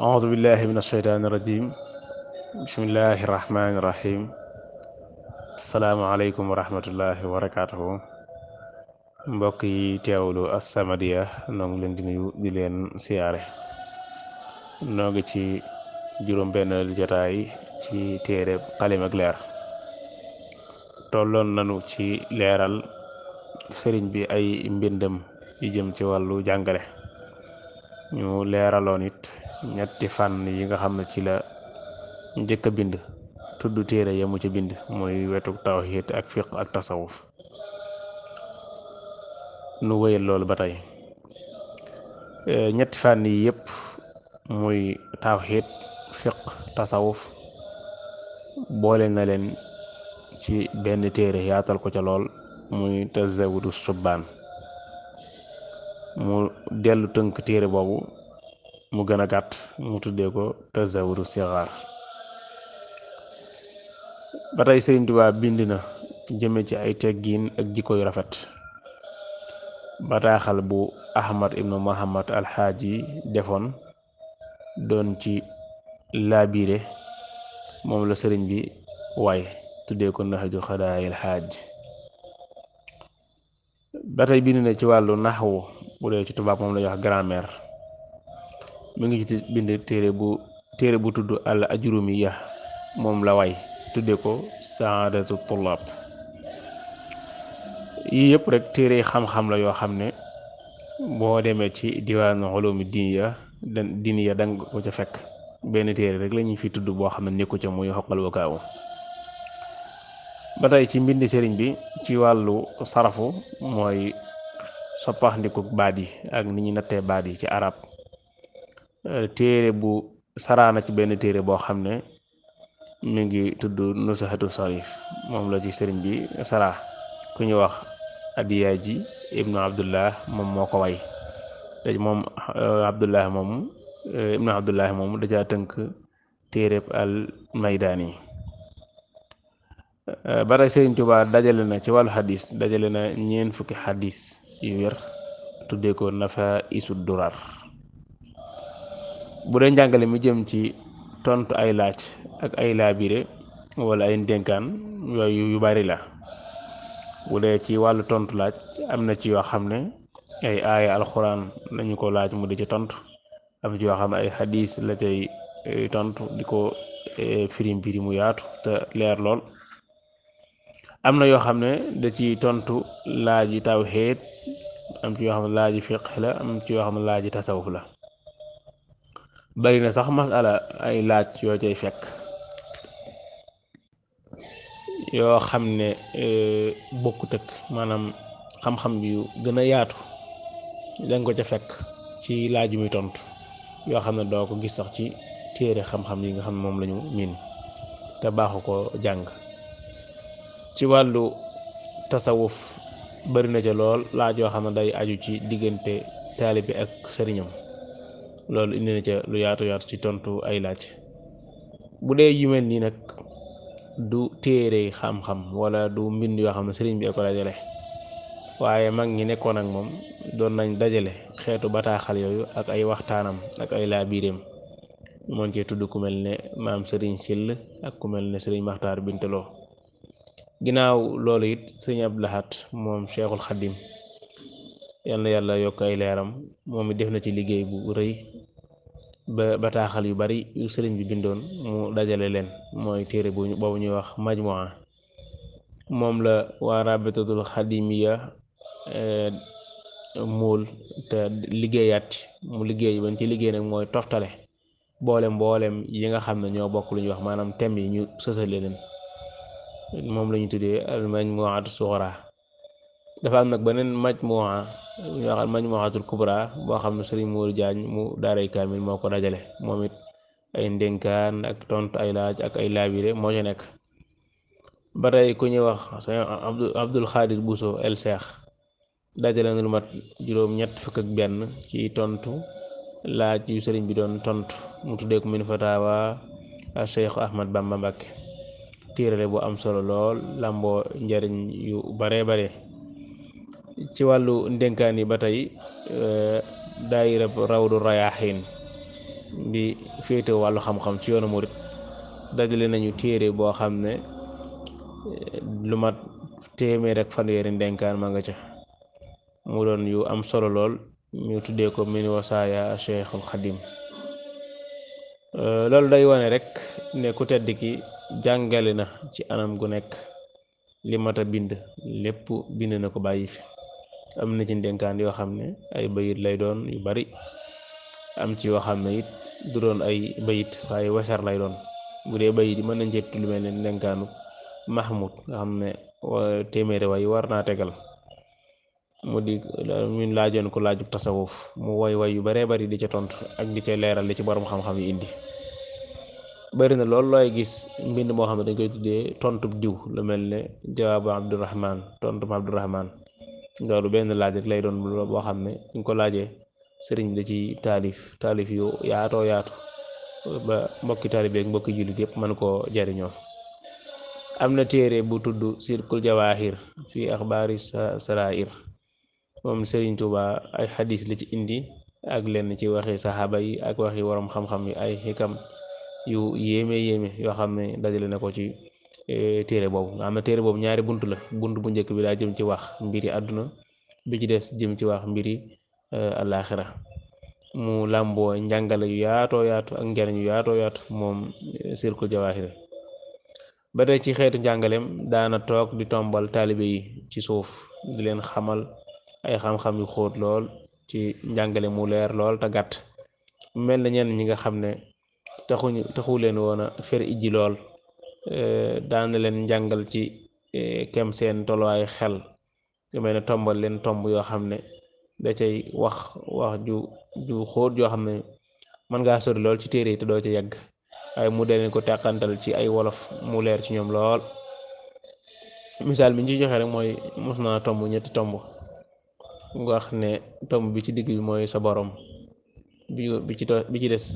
أعوذ بالله من الشيطان الرجيم بسم الله الرحمن الرحيم السلام عليكم ورحمة الله وبركاته mbokk yi teewlu As-Samadiyya noo ngi leen di leen siyaare noo ci juróom-benneelu jotaay ci téere xalim leer tolloon nanu ci leeral sëriñ bi ay mbindam yu jëm ci wàllu jàngale ñu leeraloon ñetti fànn yi nga xam ne ci la njëkk bind tudd téere yamu ci bind mooy wetu tawxiid ak fiq ak tasawuf nu wéyal loolu ba tey e, ñetti fànn yi yëpp muy tawxiid fiq tasawuf boole na leen ci benn téere yaatal ko ca lool muy tazawudu subbaan mu dellu tënk téere boobu mu gën a gàtt mu tuddee ko tazawuru sixaar ba tey Sëriñ Tuubaa bind na jëme ci ay teggiin ak jikko yu rafet bataaxal bu Ahmad ibnu Muhammad alxaaji defoon doon ci laabiire moom la sëriñ bi waay tuddee ko naxjul xadaayil xaaj ba bind na ci wàllu naxwu bu dee ci tubaab moom la ñuy wax grammaire mi ngi ci bind téere bu téere bu tudd al ajrumiya moom la way tudde ko saadatu tullaab yii yëpp rek téere xam-xam la yoo xam ne boo demee ci diwaanu ulumi diniya dan diniya danga ko ca fekk benn téere rek la ñuy fi tudd boo xam ne nekku ca muy xoqal wakaawu ba tey ci mbindi sëriñ bi ci wàllu sarafu mooy soppaxndikuk baat yi ak ni ñuy nattee baat yi ci arab Eh, téere bu saraana ci benn téere boo xam ne mu ngi tudd nusaxatu sarif moom la ci sëriñ bi saraa ku ñu wax adiyaa ji ibnu abdullah moom moo ko way te moom eh, abdullah moom eh, ibnu abdullah moom dajaa tënk téereb al maydaani ba sëriñ Tuubaa dajale na ci wàllu xadis dajale na ñeen fukki xadis yu wér tuddee ko nafa isu durar bu dee njàngale mi jëm ci tontu ay laaj ak ay laabire wala ay ndénkaan yooyu yu bari la bu dee ci wàllu tontu laaj am na ci yoo xam ne ay aaya alxuraan lañu ko laaj mu de ci tontu am ci yoo xam ay xadiis la cay eh, tontu di ko eh, firim piri mu yaatu te leer lool am na yoo xam ne da ci tontu laaj yu tawhiid am ci yoo xam laaj yu fiqh la am ci yoo xam ne laaj yu tasawuf la bari na sax masala ay laaj yoo cay fekk yoo xam ne e, bokku tëkk maanaam xam-xam yu gën a yaatu danga ko ca fekk ci laaj muy tontu yoo xam ne doo ko gis sax ci téere xam-xam yi nga xam ne moom lañu miin te baaxu ko jàng ci wàllu tasawuf bari na ca lool laaj yoo xam ne day aju ci diggante taalibe ak sëriñam loolu indi na ca lu yaatu yaatu ci tontu ay laaj bu dee yu mel nii nag du téere xam-xam wala du mbind yoo xam ne sëriñ bi ko dajale waaye mag ñi nekkoon ak moom doon nañ dajale xeetu bataaxal yooyu ak ay waxtaanam ak ay laabiireem moom cee tudd ku ne maam sëriñ Sill ak ku mel ne sëriñ Maxtaar Bintaloo ginnaaw loolu it sëriñ Abdou Lahad moom Cheikhul Xadim yan yàlla yokk ay leeram moom it def na ci liggéey bu rëy ba bataaxal yu bari yu sëriñ bi bindoon mu dajale leen mooy téere bu boobu ñuy wax majmua moom la waa rabitatul xadimiya eh, muul te liggéeyaat mu liggéey bañ ci liggéey nag mooy toftale boole mboolem yi nga xam ne ñoo bokk lu ñuy wax maanaam thème yi ñu sësale leen moom lañu ñu tuddee al majmuatu suxra dafa am nag beneen majmuwa ñu waxal majmuwatul kubra boo xam ne sëriñ Mourou Diagne mu daaray kaamil moo ko dajale moom it ay ndénkaan ak tontu ay laaj ak ay laabire moo ci nekk ba tey ku ñuy wax sëñ Abdul Xaadir Bousso dajale na lu mat ak benn ci laaj yu sëriñ bi doon tontu mu tuddee min fatawa a Cheikh tiirale bu am solo lool làmboo njariñ yu bare bare ci wàllu ndénkaan yi ba tey euh, daayira rawdu rayaaxiin bi féete wàllu xam-xam ci yoonu murit dajale nañu téere boo xam ne euh, lu mat téeméer ak fanweeri ndénkaan ma nga ca mu doon yu am solo lool mu tuddee ko min wasaaya xadim euh, loolu day wane rek ne ku tedd ki jàngale na ci anam gu nekk li mat a bind lépp bind na ko bàyyi fi am na ci ndénkaan yoo xam ne ay bayit lay doon yu bari am ci yoo xam ne it du doon ay bayit waaye wasar lay doon bu dee bayit yi mën nañ cee lu mel ne ndénkaanu Mahmoud nga xam ne téeméeri way war naa tegal mu di ñun laajoon ko laajub tasawuf mu woy way yu baree bari di ca tontu ak di ca leeral li ci boroom xam-xam yi indi. bari na loolu looy gis mbind moo xam ne dañ koy tuddee tontub diw lu mel ne jawaabu Abdurahman tontub Abdurahman loolu benn laaj lay doon boo xam ne ñu ko laajee sëriñ bi ci taalif taalif yu yaatoo yaatu ba mbokki taalib ak mbokki jullit yëpp mën koo jariñoo am na téere bu tudd sirkul jawahir fi axbaari sarair moom sëriñ Tuuba ay xadis la ci indi ak lenn ci waxi saxaaba yi ak waxi waroom xam-xam yi ay xikam yu yéeme yéeme yoo xam ne dajale na ko ci eh, téere boobu nga xam ne téere boobu ñaari bunt la bunt bu njëkk bi daa jëm ci wax mbiri àdduna bi ci des jëm ci wax mbiri alaaxira eh, mu làmboo njàngale yu yaatoo yaatu ak njariñ yu yaatoo yaatu moom eh, Sirkul Jawaahir ba ci xeetu njàngaleem daana toog di tombal taalibe yi ci suuf di leen xamal ay xam-xam yu xóot lool ci njàngale mu leer lool te gàtt mel na ñenn ñi nga xam ne taxuñu taxu leen woon a fer ijji lool eh, daana leen njàngal ci eh, kem seen tolluwaayu xel lu mel ne tombal leen tomb yoo xam ne da cay wax wax ju ju xóot joo xam ne mën ngaa sori lool ci téere yi te doo ca yegg waaye mu dee leen ko teqantal ci ay wolof mu leer ci ñoom lool misaal bi ñu ci joxe rek mooy mos naa tomb ñetti tomb nga wax ne tomb bi ci digg bi mooy sa boroom bi ci des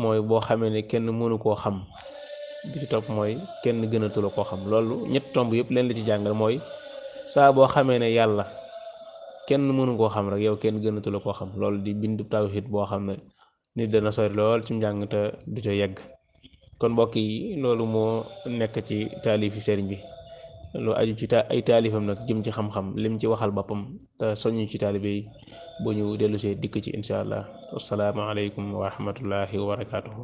mooy boo xamee ne kenn mënu koo xam bi topp mooy kenn gënatula koo xam loolu ñett tomb yëpp leen la ci jàngal mooy saa boo xamee ne yàlla kenn mënu koo xam rek yow kenn gënatula koo xam loolu di bind tawhid boo xam ne nit dana sori lool ci njàng te du ca yegg kon mbokk yi loolu moo nekk ci taalifi sëriñ bi lu aju ci ta ay taalifam nag jëm ci xam-xam lim ci waxal boppam te soññu ci taalibe yi bu ñu dellusee dikk ci incha allah asalaamaaleykum wa rahmatullahi wa barakaatuhu